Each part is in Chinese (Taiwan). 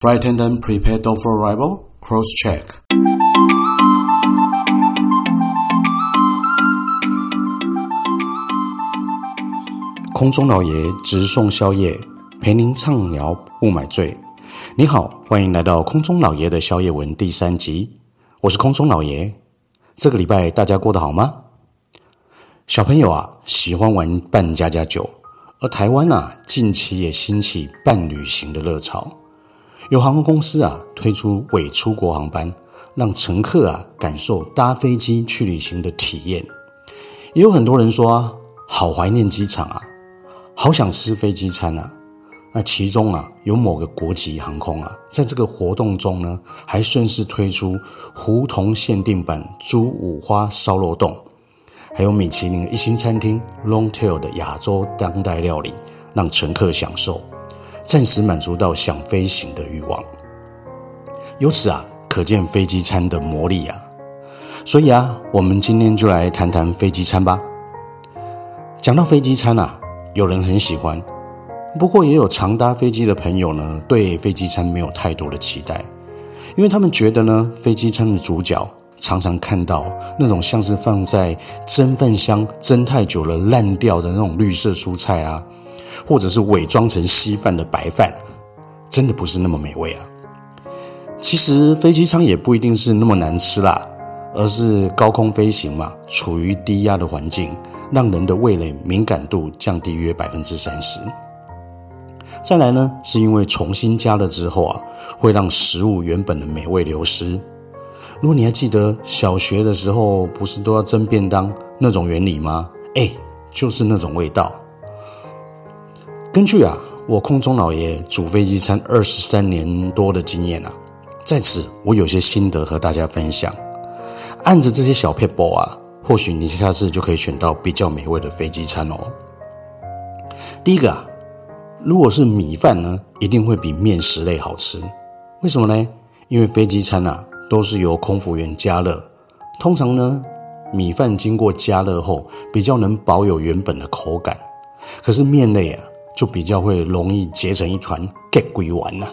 Brighten them, prepare for arrival. Cross check. 空中老爺直送宵夜，陪您暢聊不買醉。你好，歡迎來到空中老爺的宵夜文第三集。我是空中老爺。這個禮拜大家過得好嗎？小朋友啊，喜歡玩扮家家酒，而台灣啊，近期也興起半旅行的熱潮。有航空公司啊推出偽出國航班，讓乘客啊感受搭飛機去旅行的體驗。也有很多人說啊，好懷念機場啊，好想吃飛機餐啊。那其中啊有某個國際航空啊，在這個活動中呢，還順勢推出胡同限定版豬五花燒肉丼，還有米其林的一星餐廳 Longtail 的亞洲當代料理，讓乘客享受。暫時滿足到想飛行的慾望，由此啊，可見飛機餐的魔力啊。所以啊，我們今天就來談談飛機餐吧。講到飛機餐啊，有人很喜歡，不過也有常搭飛機的朋友呢，對飛機餐沒有太多的期待，因為他們覺得呢，飛機餐的主角常常看到那種像是放在蒸飯箱蒸太久了爛掉的那種綠色蔬菜啊。或者是偽裝成稀飯的白飯，真的不是那麼美味啊！其實飛機餐也不一定是那麼難吃啦，而是高空飛行嘛，處於低壓的環境，讓人的味蕾敏感度降低約百分之三十。再來呢，是因為重新加了之後啊，會讓食物原本的美味流失。如果你還記得小學的時候，不是都要蒸便當那種原理嗎？哎、欸，就是那種味道。根據啊，我空中老爺煮飛機餐二十三年多的經驗啊。在此我有些心得和大家分享。按着這些小撇步啊，或許你下次就可以選到比較美味的飛機餐哦。第一個啊，如果是米飯呢，一定會比麵食類好吃。為什麼呢？因為飛機餐吶、啊、都是由空服員加熱，通常呢，米飯經過加熱後比較能保有原本的口感。可是麵類啊。就比較會容易結成一團 get 鬼丸了，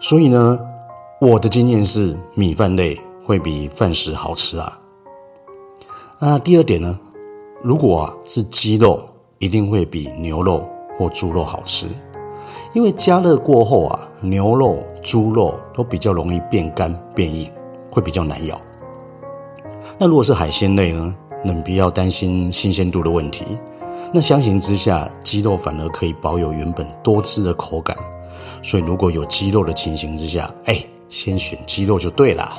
所以呢，我的經驗是米飯類會比飯食好吃啊、啊。那第二點呢，如果啊是雞肉，一定會比牛肉或豬肉好吃，因為加熱過後啊，牛肉、豬肉都比較容易變乾變硬，會比較難咬。那如果是海鮮類呢，你不要擔心新鮮度的問題。那相形之下，雞肉反而可以保有原本多汁的口感，所以如果有雞肉的情形之下，哎、欸，先選雞肉就對啦。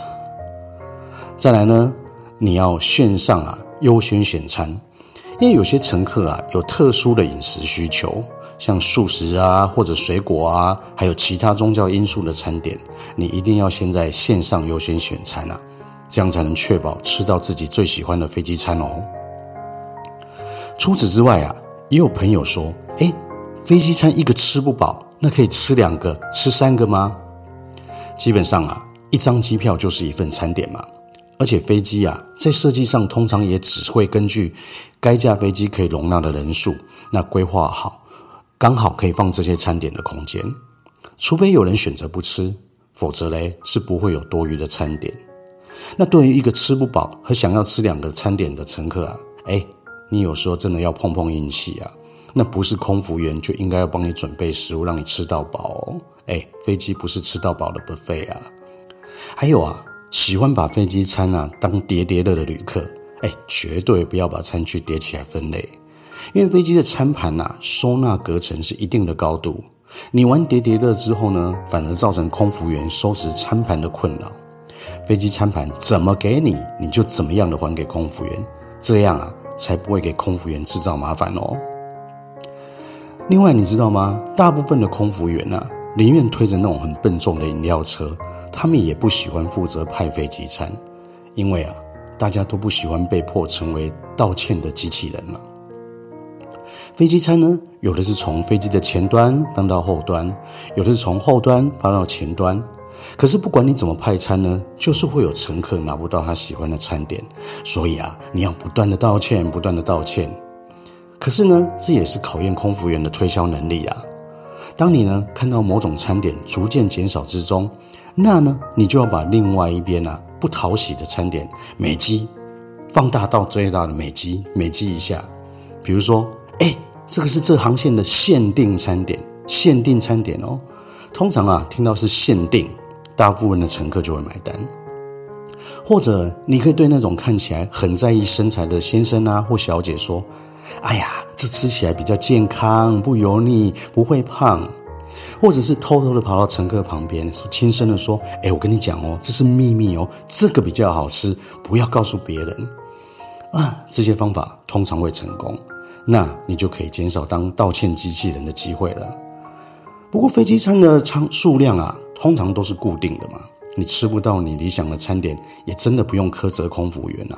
再來呢，你要線上啊優先選餐，因為有些乘客啊有特殊的飲食需求，像素食啊或者水果啊，還有其他宗教因素的餐點，你一定要先在線上優先選餐啊，這樣才能確保吃到自己最喜歡的飛機餐哦。除此之外啊，也有朋友說：“哎，飛機餐一個吃不飽，那可以吃兩個、吃三個嗎？”基本上啊，一張機票就是一份餐點嘛。而且飛機啊，在設計上通常也只會根據該架飛機可以容納的人數，那規劃好，剛好可以放這些餐點的空間。除非有人選擇不吃，否則嘞，是不會有多餘的餐點。那對於一個吃不飽和想要吃兩個餐點的乘客啊，哎。你有時候真的要碰碰運氣啊，那不是空服員就應該要幫你準備食物，讓你吃到飽、哦。哎、欸，飛機不是吃到飽的 buffet 啊。還有啊，喜歡把飛機餐啊當疊疊樂的旅客，哎、欸，絕對不要把餐具疊起來分類，因為飛機的餐盤吶、啊、收納隔層是一定的高度，你玩疊疊樂之後呢，反而造成空服員收拾餐盤的困擾。飛機餐盤怎麼給你，你就怎麼樣的還給空服員，這樣啊。才不會給空服員制造麻煩哦。另外，你知道嗎？大部分的空服員呢，寧願推着那種很笨重的飲料車，他們也不喜歡負責派飛機餐，因為啊，大家都不喜歡被迫成為道歉的機器人了啊。飛機餐呢，有的是從飛機的前端搬到後端，有的是從後端搬到前端。可是不管你怎麼派餐呢，就是會有乘客拿不到他喜歡的餐點，所以啊，你要不斷的道歉，不斷的道歉。可是呢，這也是考驗空服員的推銷能力啊。當你呢，看到某種餐點逐漸減少之中，那呢，你就要把另外一邊呢、啊、不討喜的餐點美肌放大到最大的美肌美肌一下。比如說，哎，這個是這航線的限定餐點，限定餐點哦。通常啊，聽到是限定。大部分的乘客就會買單，或者你可以對那種看起來很在意身材的先生啊或小姐說：“哎呀，這吃起來比較健康，不油膩，不會胖。”或者是偷偷的跑到乘客旁邊，輕聲的說：“哎、欸，我跟你講哦，這是秘密哦，這個比較好吃，不要告訴別人。”啊，這些方法通常會成功，那你就可以減少當道歉機器人的機會了。不過飛機餐的倉數量啊。通常都是固定的嘛，你吃不到你理想的餐點，也真的不用苛責空服員啊，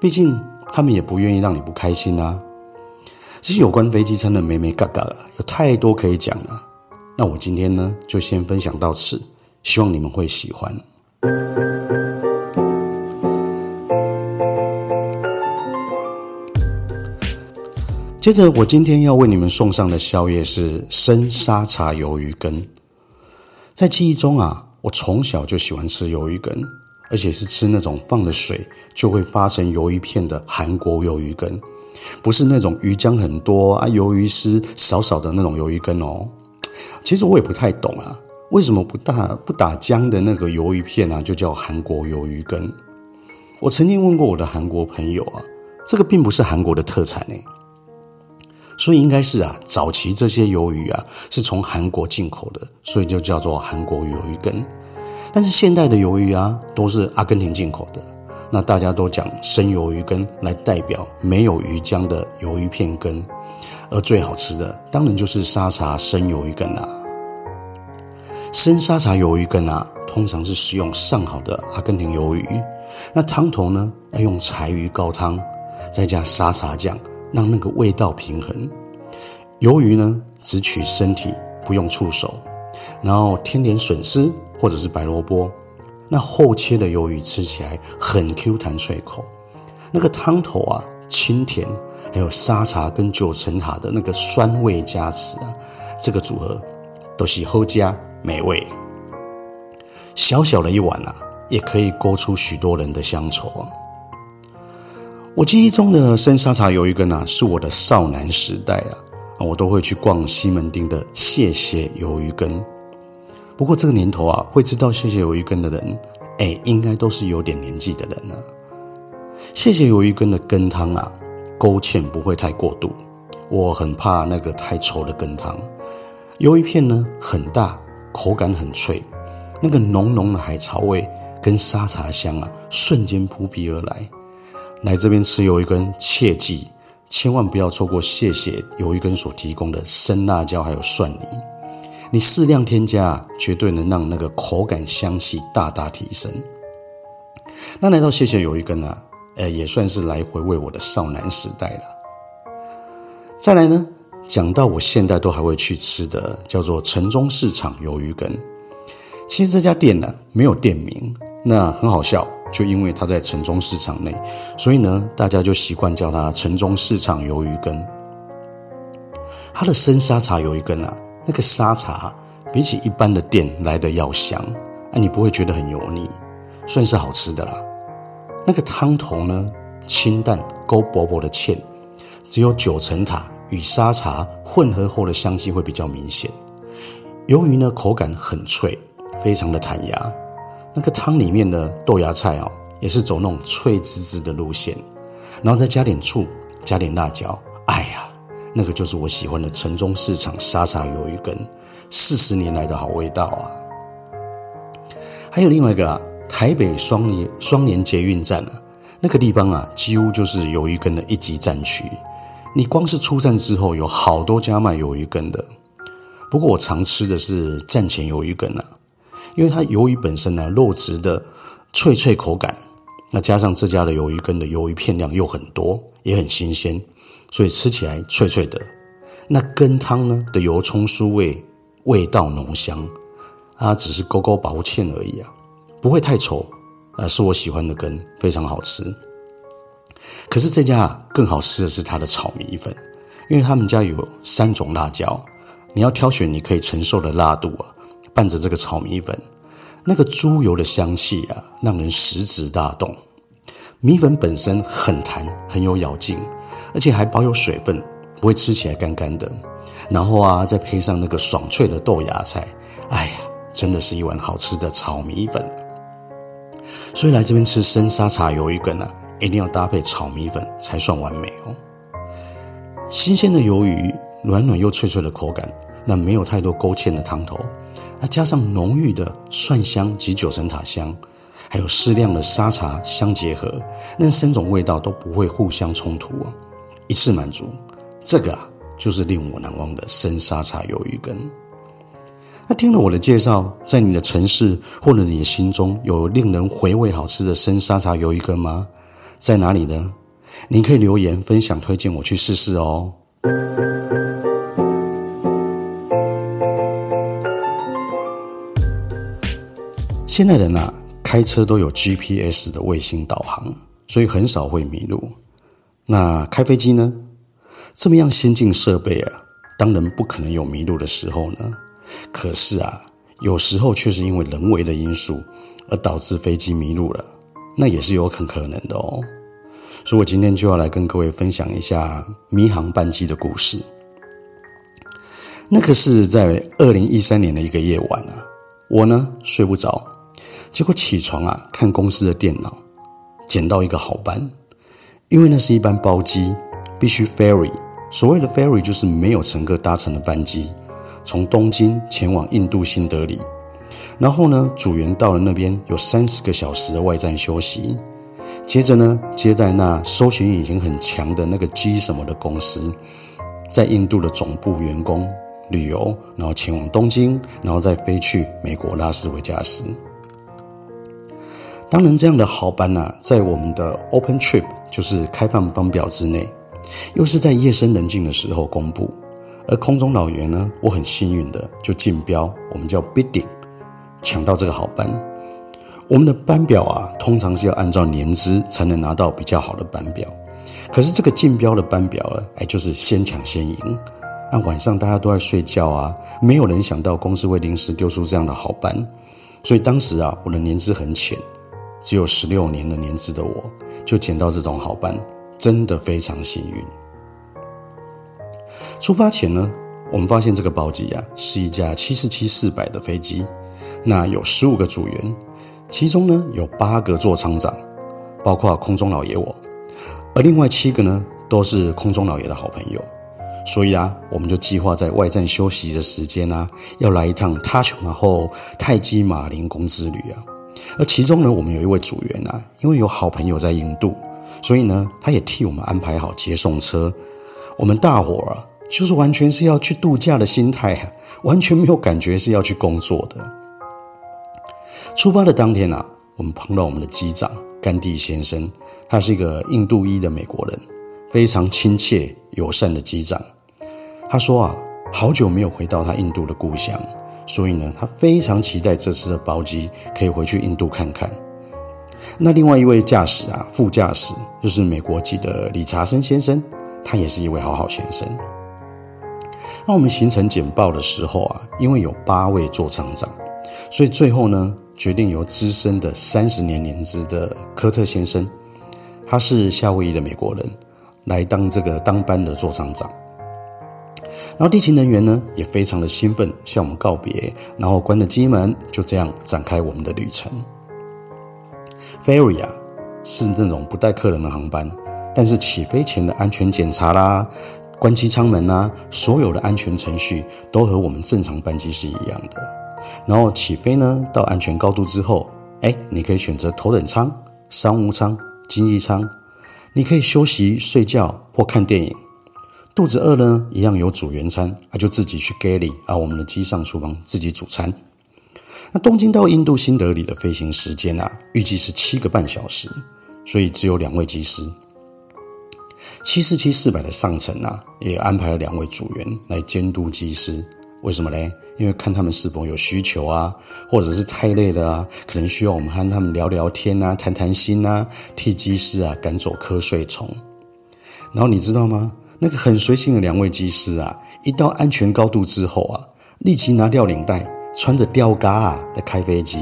畢竟他們也不願意讓你不開心啊。這些有關飛機餐的眉眉角角了，有太多可以講了啊。那我今天呢，就先分享到此，希望你們會喜歡。接着，我今天要為你們送上的宵夜是生沙茶魷魚羹。在記憶中啊，我從小就喜歡吃魷魚羹，而且是吃那種放了水就會發成魷魚片的韓國魷魚羹。不是那種魚漿很多啊、魷魚絲少少的那種魷魚羹哦。其實我也不太懂啊，為什麼不打不打漿的那個魷魚片啊，就叫韓國魷魚羹。我曾經問過我的韓國朋友啊，這個並不是韓國的特產呢、欸。所以應該是啊，早期這些魷魚啊是從韓國進口的，所以就叫做韓國魚魷魚羹。但是現代的魷魚啊都是阿根廷進口的，那大家都講生魷魚羹來代表沒有魚漿的魷魚片羹，而最好吃的當然就是沙茶生魷魚羹啦、啊。生沙茶魷魚羹啊，通常是使用上好的阿根廷魷魚，魚，那湯頭呢要用柴魚高湯，再加沙茶醬。讓那個味道平衡。魷魚呢，只取身體，不用觸手，然後添點筍絲或者是白蘿蔔。那厚切的魷魚吃起來很 Q 彈脆口，那個湯頭啊，清甜，還有沙茶跟九層塔的那個酸味加持啊，這個組合都，就是後加美味。小小的一碗啊，也可以勾出許多人的鄉愁啊。我記憶中的生沙茶魷魚羹啊，是我的少男時代啊！我都會去逛西門町的謝謝魷魚羹。不過這個年頭啊，會知道謝謝魷魚羹的人，哎、欸，應該都是有點年紀的人了、啊。謝謝魷魚羹的羹湯啊，勾芡不會太過度，我很怕那個太稠的羹湯。魷魚片呢很大，口感很脆，那個濃濃的海草味跟沙茶香啊，瞬間撲鼻而來。來這邊吃魷魚羹，切記千萬不要錯過謝謝魷魚羹所提供的生辣椒，還有蒜泥，你適量添加，絕對能讓那個口感香氣大大提升。那來到謝謝魷魚羹呢，呃，也算是來回味我的少男時代了。再來呢，講到我現在都還會去吃的，叫做城中市場魷魚羹。其實這家店呢，啊，沒有店名，那很好笑。就因為它在城中市場內，所以呢，大家就習慣叫它城中市場魷魚羹。它的生沙茶魷魚羹啊，那個沙茶比起一般的店來得要香，啊，你不會覺得很油膩，算是好吃的啦。那個湯頭呢，清淡，勾薄薄的芡，只有九層塔與沙茶混合後的香氣會比較明顯。魷魚呢，口感很脆，非常的彈牙。那個湯裡面的豆芽菜哦，也是走那種脆滋滋的路線，然後再加點醋，加點辣椒。哎呀，那個就是我喜歡的城中市場沙茶魷魚羹，四十年來的好味道啊！還有另外一個、啊、台北雙連雙連捷運站呢、啊，那個地方啊，幾乎就是魷魚羹的一級戰區。你光是出站之後，有好多家賣魷魚羹的。不過我常吃的是站前魷魚羹呢、啊。因為它魷魚本身呢，肉質的脆脆口感，那加上這家的魷魚羹的魷魚片量又很多，也很新鮮，所以吃起來脆脆的。那羹湯呢的油蔥酥味，味道濃香，它、啊、只是勾勾薄芡而已啊，不會太稠，而、啊、是我喜歡的羹，非常好吃。可是這家更好吃的是它的炒米粉，因為他們家有三種辣椒，你要挑選你可以承受的辣度啊。拌著這個炒米粉，那個豬油的香氣啊，讓人食指大動。米粉本身很彈，很有咬勁，而且還保有水分，不會吃起來乾乾的。然後啊，再配上那個爽脆的豆芽菜，哎呀，真的是一碗好吃的炒米粉。所以來這邊吃生沙茶魷魚羹呢、啊，一定要搭配炒米粉才算完美哦。新鮮的魷魚，軟軟又脆脆的口感，那沒有太多勾芡的湯頭。加上濃郁的蒜香及九層塔香，還有適量的沙茶相結合，那三種味道都不會互相衝突、啊、一次滿足，這個啊就是令我難忘的生沙茶魷魚羹。那聽了我的介紹，在你的城市或者你的心中有令人回味好吃的生沙茶魷魚羹嗎？在哪裡呢？您可以留言分享推薦我去試試哦。現在人啊，開車都有 GPS 的衛星導航，所以很少會迷路。那開飛機呢？這麼樣先進設備啊，當然不可能有迷路的時候呢。可是啊，有時候卻是因為人為的因素而導致飛機迷路了，那也是有很可能的哦。所以我今天就要來跟各位分享一下迷航班機的故事。那個是在二零一三年的一個夜晚啊，我呢，睡不着。結果起床啊，看公司的電腦，撿到一個好班，因為那是一班包機，必須 ferry。所謂的 ferry 就是沒有乘客搭乘的班機，從東京前往印度新德里。然後呢，組員到了那邊有三十個小時的外站休息，接着呢，接待那搜尋引擎很強的那個 G 什麼的公司，在印度的總部員工旅遊，然後前往東京，然後再飛去美國拉斯維加斯。當然，這樣的好班吶、啊，在我們的 Open Trip 就是開放班表之內，又是在夜深人靜的時候公布。而空中老爺呢，我很幸運的就競標，我們叫 bidding，搶到這個好班。我們的班表啊，通常是要按照年資才能拿到比較好的班表。可是這個競標的班表啊，哎，就是先搶先贏。那晚上大家都在睡覺啊，沒有人想到公司會臨時丟出這樣的好班。所以當時啊，我的年資很淺。只有十六年的年資的我，就撿到這種好班，真的非常幸運。出發前呢，我們發現這個包機啊，是一架七四七四百的飛機，那有十五個組員，其中呢有八個座艙長，包括空中老爺我，而另外七個呢都是空中老爺的好朋友，所以啊，我們就計劃在外站休息的時間啊，要來一趟他瓊後泰姬瑪哈陵之旅啊。而其中呢，我們有一位組員啊，因為有好朋友在印度，所以呢，他也替我們安排好接送車。我們大夥兒啊，就是完全是要去度假的心態，完全沒有感覺是要去工作的。出發的當天啊，我們碰到我們的機長甘地先生，他是一個印度裔的美國人，非常親切友善的機長。他說啊，好久沒有回到他印度的故鄉。所以呢，他非常期待這次的包機可以回去印度看看。那另外一位駕駛啊，副駕駛就是美國籍的理查森先生，他也是一位好好先生。那我們行程簡報的時候啊，因為有八位座艙長，所以最後呢，決定由資深的三十年年資的科特先生，他是夏威夷的美國人，來當這個當班的座艙長。然後地勤人員呢，也非常的興奮，向我們告別，然後關了機門，就這樣展開我們的旅程。Ferry 是那種不帶客人的航班，但是起飛前的安全檢查啦、關機艙門吶、啊，所有的安全程序都和我們正常班機是一樣的。然後起飛呢，到安全高度之後，哎，你可以選擇頭等艙、商務艙、經濟艙，你可以休息、睡覺或看電影。肚子餓呢，一樣有組員餐，啊，就自己去 galley 啊，我們的機上廚房自己煮餐。那東京到印度新德里的飛行時間啊，預計是七個半小時，所以只有兩位機師。七四七四百的上層啊，也安排了兩位組員來監督機師。為什麼嘞？因為看他們是否有需求啊，或者是太累了啊，可能需要我們和他們聊聊天啊，談談心啊，替機師啊趕走瞌睡蟲。然後你知道嗎？那個很隨性的兩位機師啊，一到安全高度之後啊，立即拿掉領帶，穿着吊嘎啊來開飛機，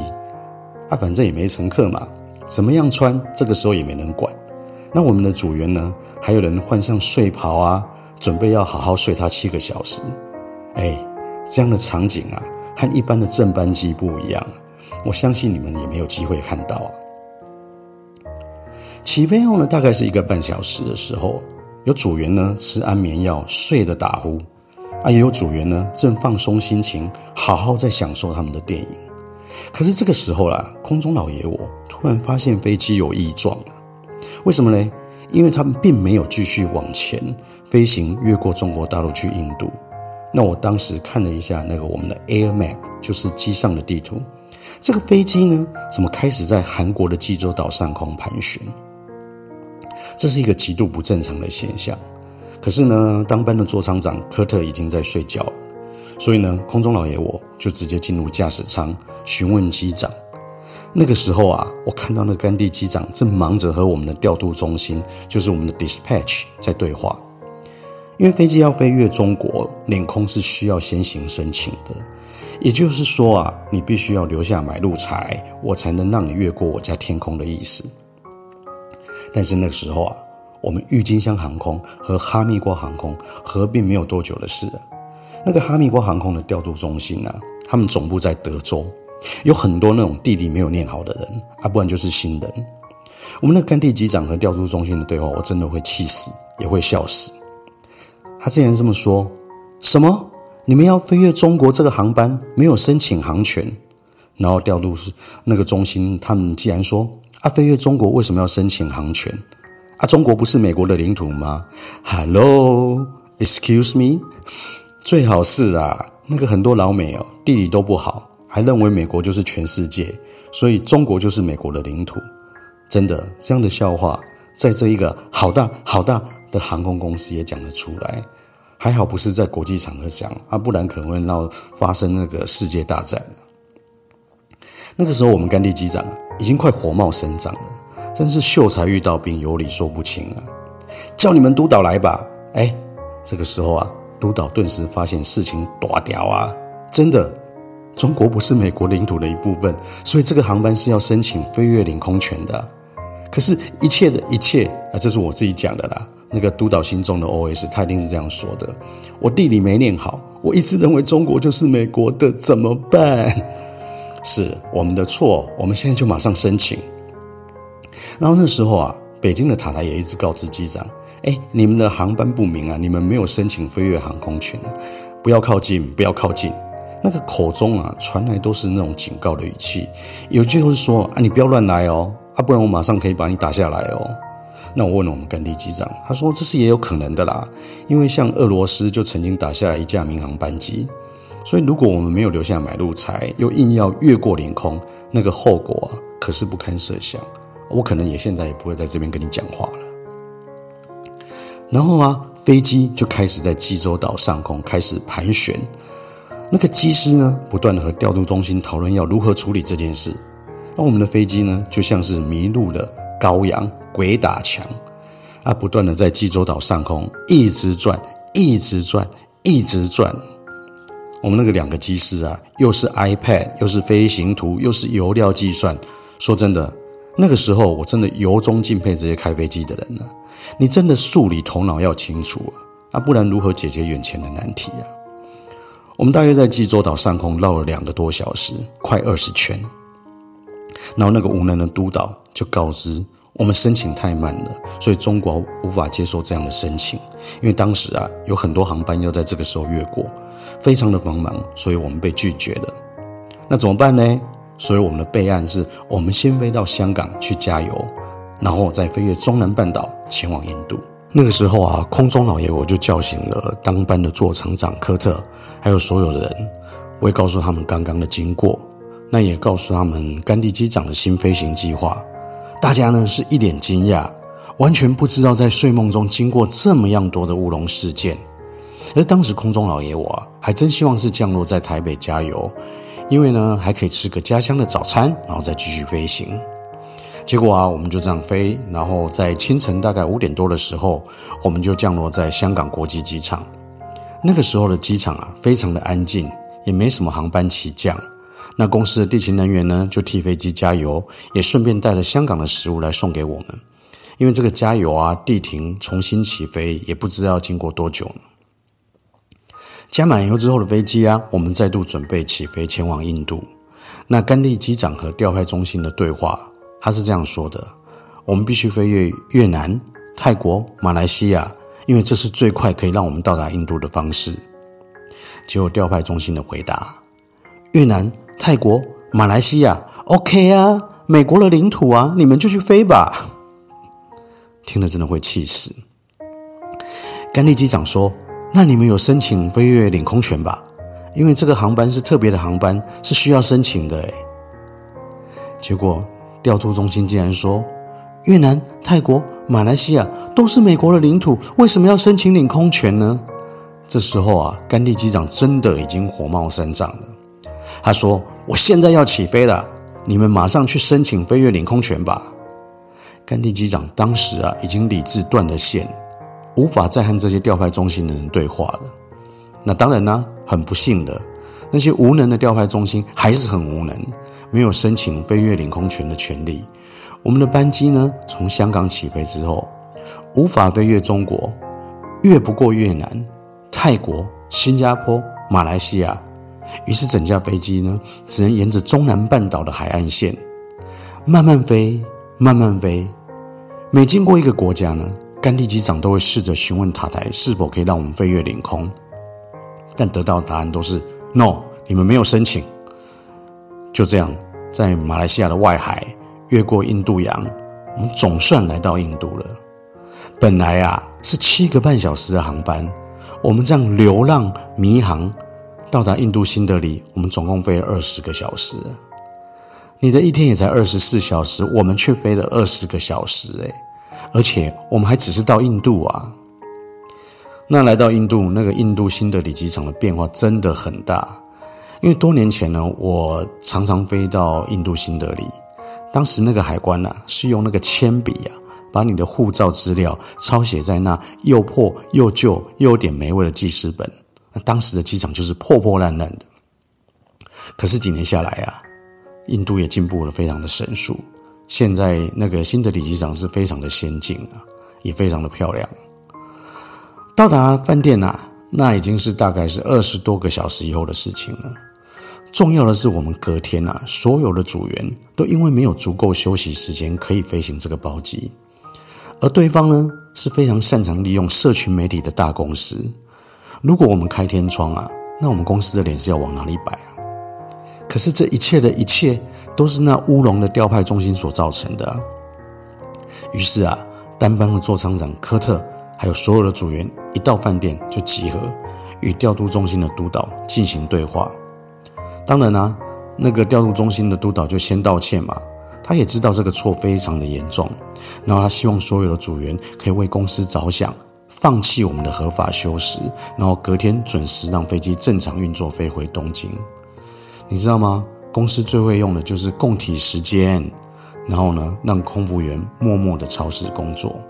啊，反正也沒乘客嘛，怎麼樣穿，這個時候也沒人管。那我們的組員呢，還有人換上睡袍啊，準備要好好睡他七個小時。哎、欸，這樣的場景啊，和一般的正班機不一樣、啊，我相信你們也沒有機會看到啊。起飛後呢，大概是一個半小時的時候。有組員呢吃安眠藥睡得打呼，啊，也有組員呢正放鬆心情，好好在享受他們的電影。可是這個時候啦，啊，空中老爺我突然發現飛機有異狀了。為什麼呢？因為他們並沒有繼續往前飛行，越過中國大陸去印度。那我當時看了一下那個我們的 Air Map，就是機上的地圖，這個飛機呢怎麼開始在韓國的濟州島上空盤旋？這是一個極度不正常的現象。可是呢，當班的座艙長科特已經在睡覺了，所以呢，空中老爺我就直接進入駕駛艙詢問機長。那個時候啊，我看到那個甘地機長正忙着和我們的調度中心，就是我們的 dispatch 在對話。因為飛機要飛越中國領空是需要先行申請的，也就是說啊，你必須要留下買路財，我才能讓你越過我家天空的意思。但是那個時候啊，我們鬱金香航空和哈密瓜航空合併沒有多久的事了。那個哈密瓜航空的調度中心呢、啊，他們總部在德州，有很多那種地理沒有念好的人，啊，不然就是新人。我們那個甘地機長和調度中心的對話，我真的會氣死，也會笑死。他竟然這麼說，什麼？你們要飛越中國這個航班沒有申請航權，然後調度是那個中心，他們竟然說。阿，飛越中國為什麼要申請航權？啊，中國不是美國的領土嗎？Hello，Excuse me，最好是啊，那個很多老美哦，地理都不好，還認為美國就是全世界，所以中國就是美國的領土。真的，這樣的笑話在這一個好大好大的航空公司也講得出來。還好不是在國際場合講，啊，不然可能會鬧發生那個世界大戰。那個時候，我們甘地機長。已經快火冒三丈了，真是秀才遇到兵，有理說不清啊！叫你們督導來吧。哎，這個時候啊，督導頓時發現事情大條啊！真的，中國不是美國領土的一部分，所以這個航班是要申請飛越領空權的啊。可是，一切的一切啊，這是我自己講的啦。那個督導心中的 OS，他一定是這樣說的：我地理沒唸好，我一直認為中國就是美國的，怎麼辦？是我們的錯，我們現在就馬上申請。然後那時候啊，北京的塔台也一直告知機長：“哎，你們的航班不明啊，你們沒有申請飛越航空權，啊，不要靠近，不要靠近。”那個口中啊傳來都是那種警告的語氣，有句就是說：“啊，你不要亂來哦，啊，不然我馬上可以把你打下來哦。”那我問了我們甘地機長，他說：“這是也有可能的啦，因為像俄羅斯就曾經打下來一架民航班機。”所以，如果我們沒有留下買路財，又硬要越過領空，那個後果啊，可是不堪設想。我可能也現在也不會在這邊跟你講話了。然後啊，飛機就開始在濟州島上空開始盤旋。那個機師呢，不斷地和調度中心討論要如何處理這件事。那我們的飛機呢，就像是迷路的羔羊，鬼打牆，啊，不斷地在濟州島上空一直轉，一直轉，一直轉。我們那個兩個機師啊，又是 iPad，又是飛行圖，又是油料計算。說真的，那個時候我真的由衷敬佩這些開飛機的人呢、啊。你真的數理頭腦要清楚啊，啊不然如何解決眼前的難題啊？我們大約在濟州島上空繞了兩個多小時，快二十圈。然後那個無能的督導就告知我們申請太慢了，所以中國無法接受這樣的申請，因為當時啊有很多航班要在這個時候越過。非常的繁忙，所以我們被拒絕了。那怎麼辦呢？所以我們的備案是我們先飛到香港去加油，然後再飛越中南半島前往印度。那個時候啊，空中老爺我就叫醒了當班的座艙長科特，還有所有的人。我也告訴他們剛剛的經過，那也告訴他們甘地機長的新飛行計劃。大家呢是一臉驚訝，完全不知道在睡夢中經過這麼樣多的烏龍事件。而當時空中老爺，我啊，還真希望是降落在台北加油，因為呢還可以吃個家鄉的早餐，然後再繼續飛行。結果啊，我們就這樣飛，然後在清晨大概五點多的時候，我們就降落在香港國際機場。那個時候的機場啊，非常的安靜，也沒什麼航班起降。那公司的地勤人員呢，就替飛機加油，也順便帶了香港的食物來送給我們，因為這個加油啊、地停、重新起飛，也不知道要經過多久呢。加滿油之後的飛機啊，我們再度準備起飛前往印度。那甘地機長和調派中心的對話，他是這樣說的：“我們必須飛越越南、泰國、馬來西亞，因為這是最快可以讓我們到達印度的方式。”結果調派中心的回答：“越南、泰國、馬來西亞，OK 啊，美國的領土啊，你們就去飛吧。”聽了真的會氣死。甘地機長說。那你們有申請飛越領空權吧？因為這個航班是特別的航班，是需要申請的誒。結果調度中心竟然說，越南、泰國、馬來西亞都是美國的領土，為什麼要申請領空權呢？這時候啊，甘地機長真的已經火冒三丈了。他說：“我現在要起飛了，你們馬上去申請飛越領空權吧。”甘地機長當時啊，已經理智斷了線。無法再和這些調派中心的人對話了。那當然呢，啊，很不幸的，那些無能的調派中心還是很無能，沒有申請飛越領空權的權利。我們的班機呢，從香港起飛之後，無法飛越中國，越不過越南、泰國、新加坡、馬來西亞，於是整架飛機呢，只能沿着中南半島的海岸線，慢慢飛，慢慢飛，每經過一個國家呢。甘地機長都會試着詢問塔台是否可以讓我們飛越領空，但得到的答案都是 “no”，你們沒有申請。就這樣，在馬來西亞的外海越過印度洋，我們總算來到印度了。本來啊是七個半小時的航班，我們這樣流浪迷航到達印度新德里，我們總共飛了二十個小時。你的一天也才二十四小時，我們卻飛了二十個小時，欸。而且我們還只是到印度啊，那來到印度，那個印度新德里機場的變化真的很大。因為多年前呢，我常常飛到印度新德里，當時那個海關呢，啊，是用那個鉛筆呀，啊，把你的護照資料抄寫在那又破又舊又有點霉味的記事本。那當時的機場就是破破爛爛的。可是幾年下來啊，印度也進步了，非常的神速。現在那個新德里機場是非常的先進啊，也非常的漂亮。到達飯店吶、啊，那已經是大概是二十多個小時以後的事情了。重要的是，我們隔天啊，所有的組員都因為沒有足夠休息時間，可以飛行這個包機。而對方呢，是非常擅長利用社群媒體的大公司。如果我們開天窗啊，那我們公司的臉是要往哪裡擺啊？可是這一切的一切。都是那烏龍的調派中心所造成的啊。於是啊，當班的座艙長科特，還有所有的組員一到飯店就集合，與調度中心的督導進行對話。當然啦，那個調度中心的督導就先道歉嘛，他也知道這個錯非常的嚴重，然後他希望所有的組員可以為公司着想，放棄我們的合法休時，然後隔天準時讓飛機正常運作飛回東京。你知道嗎？公司最會用的就是共體時艱，然後呢，讓空服員默默的超時工作。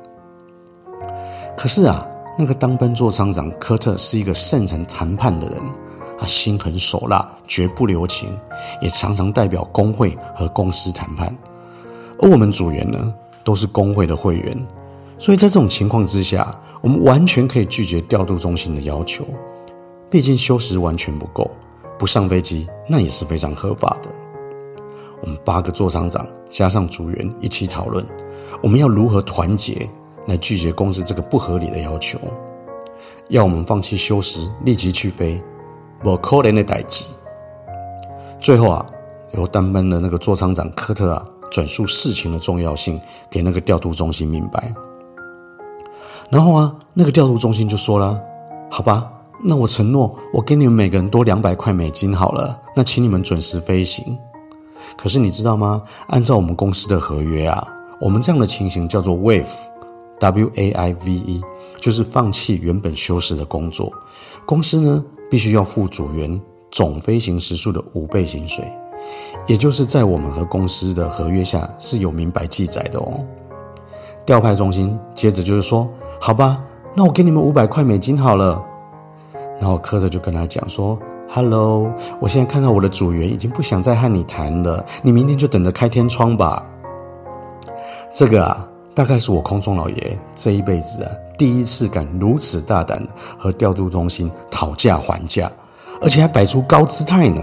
可是啊，那個當班座艙長科特是一個擅長談判的人，他心狠手辣，絕不留情，也常常代表工會和公司談判。而我們組員呢，都是工會的會員，所以在這種情況之下，我們完全可以拒絕調度中心的要求，畢竟休息完全不夠。不上飛機，那也是非常合法的。我們八個座艙長加上組員一起討論，我們要如何團結來拒絕公司這個不合理的要求，要我們放棄休息立即去飛。我可憐的最後啊，由單班的那個座艙長科特啊，轉述事情的重要性給那個調度中心明白。然後啊，那個調度中心就說了：“好吧。”那我承諾，我給你們每個人多兩百塊美金好了。那請你們準時飛行。可是你知道嗎？按照我們公司的合約啊，我們這樣的情形叫做 waive，w a i v e，就是放棄原本休息的工作。公司呢，必須要付組員總飛行時數的五倍薪水，也就是在我們和公司的合約下是有明白記載的哦。調派中心接着就是說，好吧，那我給你們五百塊美金好了。然後柯着就跟他講說：“Hello，我現在看到我的組員已經不想再和你談了，你明天就等着開天窗吧。”這個啊，大概是我空中老爺這一輩子啊，第一次敢如此大膽的和調度中心討價還價，而且還擺出高姿態呢。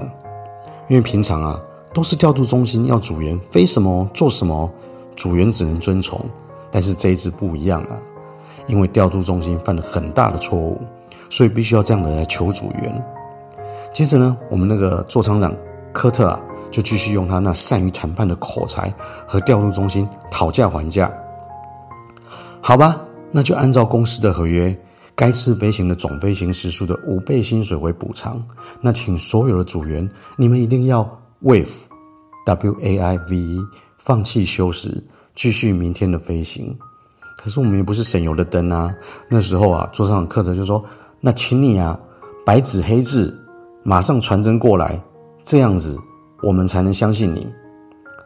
因為平常啊，都是調度中心要組員飛什麼做什麼，組員只能遵從。但是這一次不一樣啊，因為調度中心犯了很大的錯誤。所以必須要這樣的來求組員。接着呢，我們那個座艙長科特啊，就繼續用他那善於談判的口才和調度中心討價還價。好吧，那就按照公司的合約，該次飛行的總飛行時數的五倍薪水為補償。那請所有的組員，你們一定要 waive，W-A-I-V，放棄休息，繼續明天的飛行。可是我們也不是省油的燈啊。那時候啊，座艙長科特就說。那請你啊，白紙黑字，馬上傳真過來，這樣子我們才能相信你。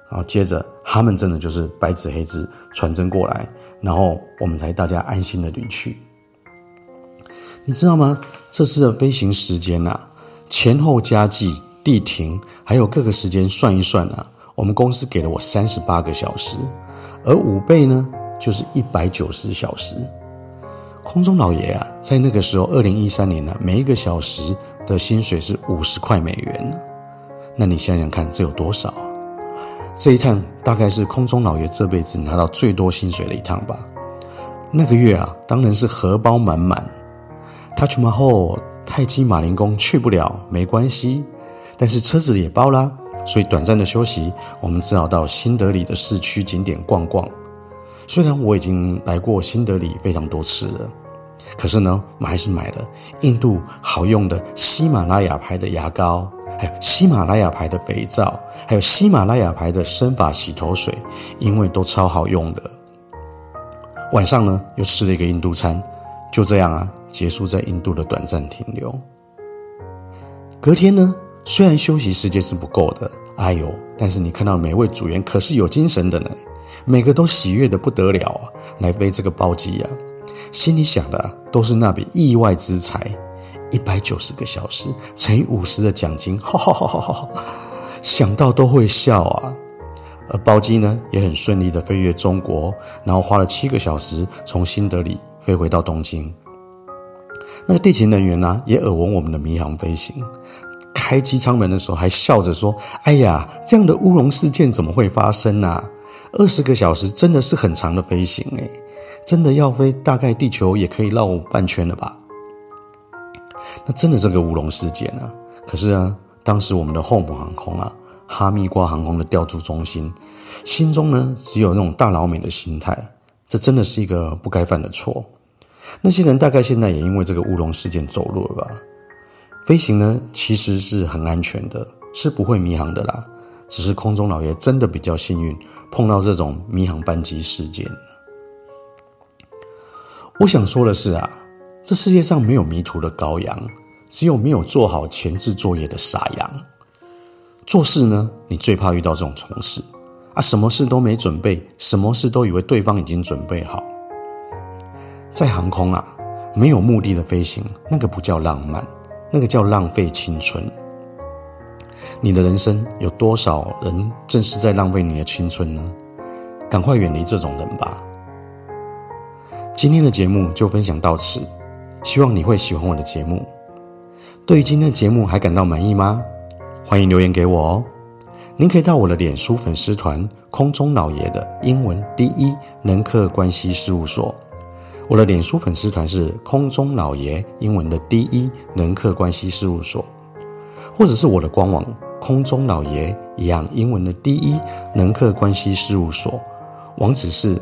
然後接着，他們真的就是白紙黑字傳真過來，然後我們才大家安心的離去。你知道嗎？這次的飛行時間啊，前後加計地停，還有各個時間算一算啊，我們公司給了我三十八個小時，而五倍呢就是一百九十小時。空中老爺啊，在那個時候，二零一三年呢、啊，每一個小時的薪水是五十塊美元呢、啊。那你想想看，這有多少？這一趟大概是空中老爺這輩子拿到最多薪水的一趟吧。那個月啊，當然是荷包滿滿。他去完後，泰姬馬林宮去不了，沒關係，但是車子也包啦，所以短暫的休息，我們只好到新德里的市區景點逛逛。雖然我已經來過新德里非常多次了。可是呢，我還是買了印度好用的喜馬拉雅牌的牙膏，還有喜馬拉雅牌的肥皂，還有喜馬拉雅牌的生髮洗頭水，因為都超好用的。晚上呢，又吃了一個印度餐，就這樣啊，結束在印度的短暫停留。隔天呢，雖然休息時間是不夠的，哎呦，但是你看到每位組員可是有精神的呢，每個都喜悅的不得了啊，來飛這個包機呀。心裡想的都是那筆意外之財，一百九十個小時乘以五十的獎金，呵呵呵，想到都會笑啊。而包機呢，也很順利的飛越中國，然後花了七個小時從新德里飛回到東京。那個地勤人員呢，也耳聞我們的迷航飛行，開機艙門的時候還笑着說：“哎呀，這樣的烏龍事件怎麼會發生啊？二十個小時真的是很長的飛行欸。”真的要飛，大概地球也可以繞半圈了吧？那真的這個烏龍事件呢，啊？可是啊，當時我們的後姆航空啊，哈密瓜航空的調度中心，心中呢只有那種大老美的心態，這真的是一個不該犯的錯。那些人大概現在也因為這個烏龍事件走路了吧？飛行呢其實是很安全的，是不會迷航的啦，只是空中老爺真的比較幸運，碰到這種迷航班機事件。我想說的是啊，這世界上沒有迷途的羔羊，只有沒有做好前置作業的傻羊。做事呢，你最怕遇到這種同事啊，什麼事都沒準備，什麼事都以為對方已經準備好。在航空啊，沒有目的的飛行，那個不叫浪漫，那個叫浪費青春。你的人生有多少人正是在浪費你的青春呢？趕快遠離這種人吧。今天的節目就分享到此，希望你會喜歡我的節目。對於今天的節目還感到滿意嗎？歡迎留言給我哦。您可以到我的臉書粉絲團“空中老爺的英文 de 人客關係事務所”。我的臉書粉絲團是“空中老爺英文的 de 人客關係事務所”，或者是我的官網“空中老爺一樣英文的 de 人客關係事務所”。網址是。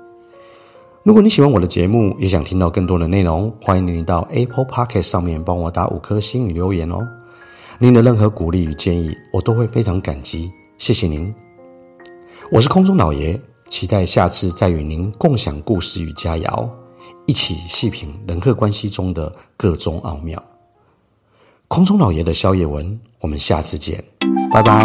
如果你喜歡我的節目，也想聽到更多的內容，歡迎您到 Apple Podcast 上面幫我打五顆星與留言哦。您的任何鼓勵與建議，我都會非常感激。謝謝您，我是空中老爺，期待下次再與您共享故事與佳餚，一起細品人客關係中的個中奧妙。空中老爺的宵夜文，我們下次見，拜拜。